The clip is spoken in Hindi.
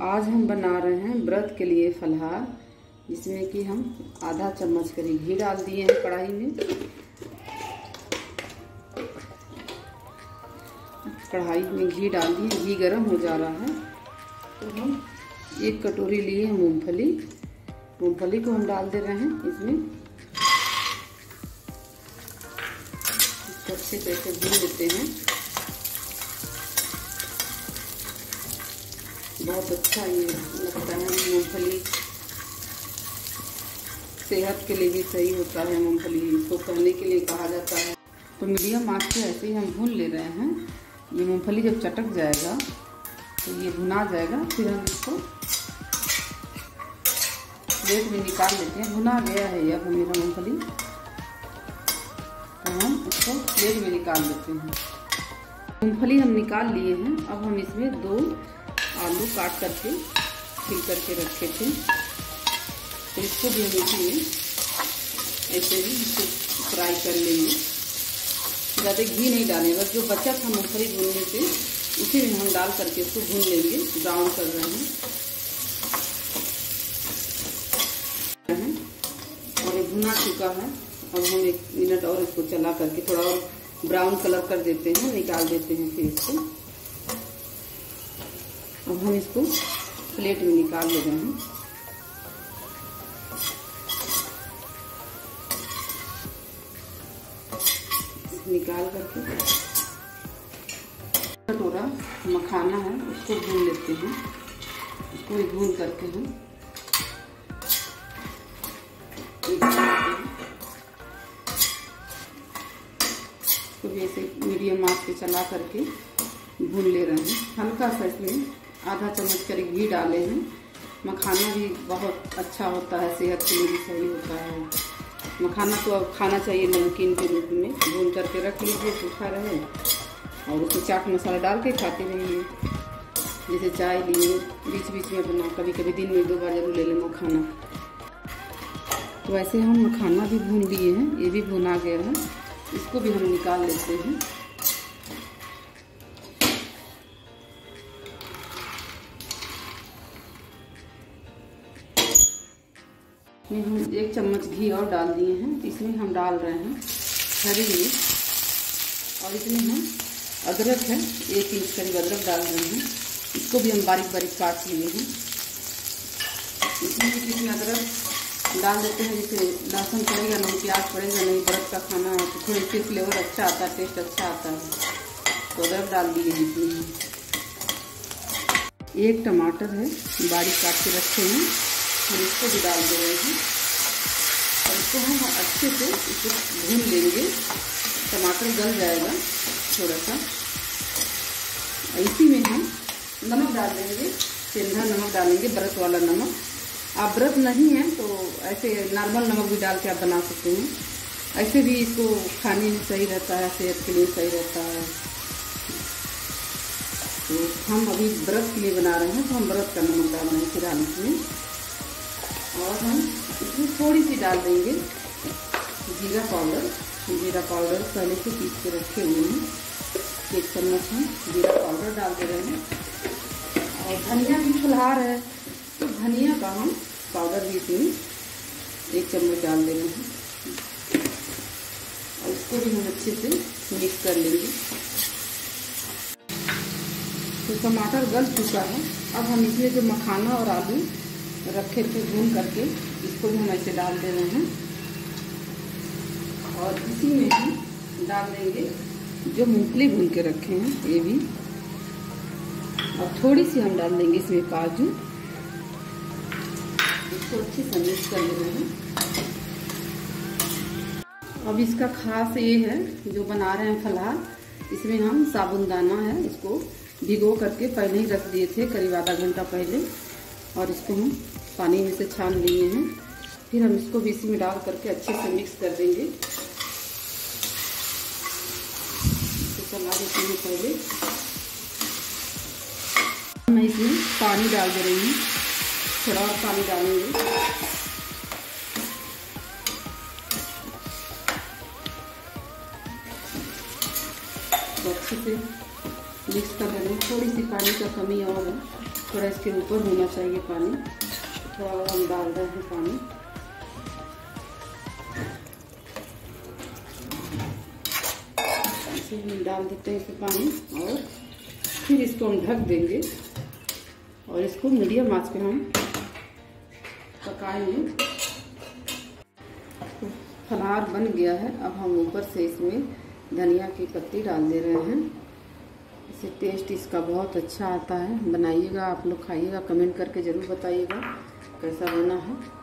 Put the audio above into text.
आज हम बना रहे हैं व्रत के लिए फलहार जिसमें कि हम आधा चम्मच करी घी डाल दिए हैं कढ़ाई में कढ़ाई में घी डाल दिए घी गर्म हो जा रहा है तो हम एक कटोरी लिए मूंगफली मूंगफली को हम डाल दे रहे हैं इसमें अच्छे से ऐसे भून लेते हैं बहुत अच्छा ये लगता है मूँगफली सेहत के लिए भी सही होता है मूँगफली इसको करने के लिए कहा जाता है तो मीडियम आँच से ऐसे ही हम भून ले रहे हैं ये मूँगफली जब चटक जाएगा तो ये भुना जाएगा फिर हम इसको प्लेट में निकाल लेते हैं भुना गया है यह मेरा मूँगफली तो हम इसको प्लेट में निकाल लेते हैं मूँगफली हम निकाल लिए हैं अब हम इसमें दो आलू काट करके छिल करके रखे थे तो इसको भी हम इसमें ऐसे ही इसको फ्राई कर लेंगे ज़्यादा घी नहीं डालें बस जो बचा था मूँगफली भूनने से उसी में हम डाल करके इसको भून लेंगे ब्राउन कर रहे हैं और ये भुना चुका है अब हम एक मिनट और इसको चला करके थोड़ा और ब्राउन कलर कर देते हैं निकाल देते हैं फिर इसको अब हम इसको प्लेट में निकाल ले रहे हैं निकाल करके कटोरा मखाना है उसको भून लेते हैं उसको भून करके हम इसको ऐसे मीडियम आँच पे चला करके भून ले रहे हैं हल्का सा इसमें आधा चम्मच करीब घी डाले हैं मखाना भी बहुत अच्छा होता है सेहत के लिए भी सही होता है मखाना तो अब खाना चाहिए नमकीन के रूप में भून करके रख लीजिए सूखा रहे और उसमें चाट मसाला डाल के खाते रहिए जैसे चाय लिए बीच बीच में बना कभी कभी दिन में दो बार जरूर ले लें मखाना तो ऐसे हम मखाना भी भून लिए हैं ये भी भुना गया है इसको भी हम निकाल लेते हैं में हम एक चम्मच घी और डाल दिए हैं इसमें हम डाल रहे हैं हरी मिर्च और इसमें हम अदरक है एक इंच करीब अदरक डाल रहे हैं इसको भी हम बारीक बारीक काट लिए हैं इसमें इसमें अदरक डाल देते हैं जिसे लहसुन पड़ेगा नहीं प्याज पड़ेगा नहीं बर्फ का खाना है तो थोड़ी इसके फ्लेवर अच्छा आता है टेस्ट अच्छा आता है तो अदरक डाल दिए इसमें एक टमाटर है बारीक काट के रखे हैं फिर इसको भी डाल दे रहे हैं और इसको हम अच्छे से इसको भून लेंगे टमाटर गल जाएगा थोड़ा सा इसी में हम नमक डाल देंगे सेंधा नमक डालेंगे ब्रत वाला नमक आप व्रत नहीं है तो ऐसे नॉर्मल नमक भी डाल के आप बना सकते हैं ऐसे भी इसको खाने में सही रहता है सेहत के लिए सही रहता है तो हम अभी ब्रत के लिए बना रहे हैं तो हम ब्रत का नमक डाल रहे हैं फिलहाल में और हम इसमें थोड़ी सी डाल देंगे जीरा पाउडर जीरा पाउडर पहले से पीस के रखे हुए हैं एक चम्मच हम जीरा पाउडर डाल दे रहे हैं और धनिया भी फुलहार है तो धनिया का हम पाउडर भी इसमें एक चम्मच डाल दे रहे हैं और उसको भी हम अच्छे से मिक्स कर लेंगे तो टमाटर गल चुका है अब हम इसमें जो मखाना और आलू रखे थे भून करके इसको भी हम ऐसे डाल दे रहे हैं और इसी में भी डाल देंगे जो मूंगफली भून के रखे हैं ये भी और थोड़ी सी हम डाल देंगे इसमें काजू इसको अच्छे से मिक्स कर ले रहे हैं अब इसका खास ये है जो बना रहे हैं फलाहार इसमें हम साबुन दाना है इसको भिगो करके पहले ही रख दिए थे करीब आधा घंटा पहले और इसको हम पानी में से छान लिए हैं फिर हम इसको भी इसी में डाल करके अच्छे से मिक्स कर देंगे तो चला देते हैं पहले मैं इसमें पानी डाल दे रही हूँ थोड़ा और पानी डालेंगे तो अच्छे से मिक्स कर देंगे थोड़ी सी पानी का कमी और है थोड़ा इसके ऊपर होना चाहिए पानी थोड़ा और हम डाल रहे हैं पानी ऐसे हम डाल देते हैं इसे पानी और फिर इसको हम ढक देंगे और इसको मीडियम आंच पे हम पकाएंगे फलार तो बन गया है अब हम ऊपर से इसमें धनिया की पत्ती डाल दे रहे हैं इससे टेस्ट इसका बहुत अच्छा आता है बनाइएगा आप लोग खाइएगा कमेंट करके ज़रूर बताइएगा कैसा बना है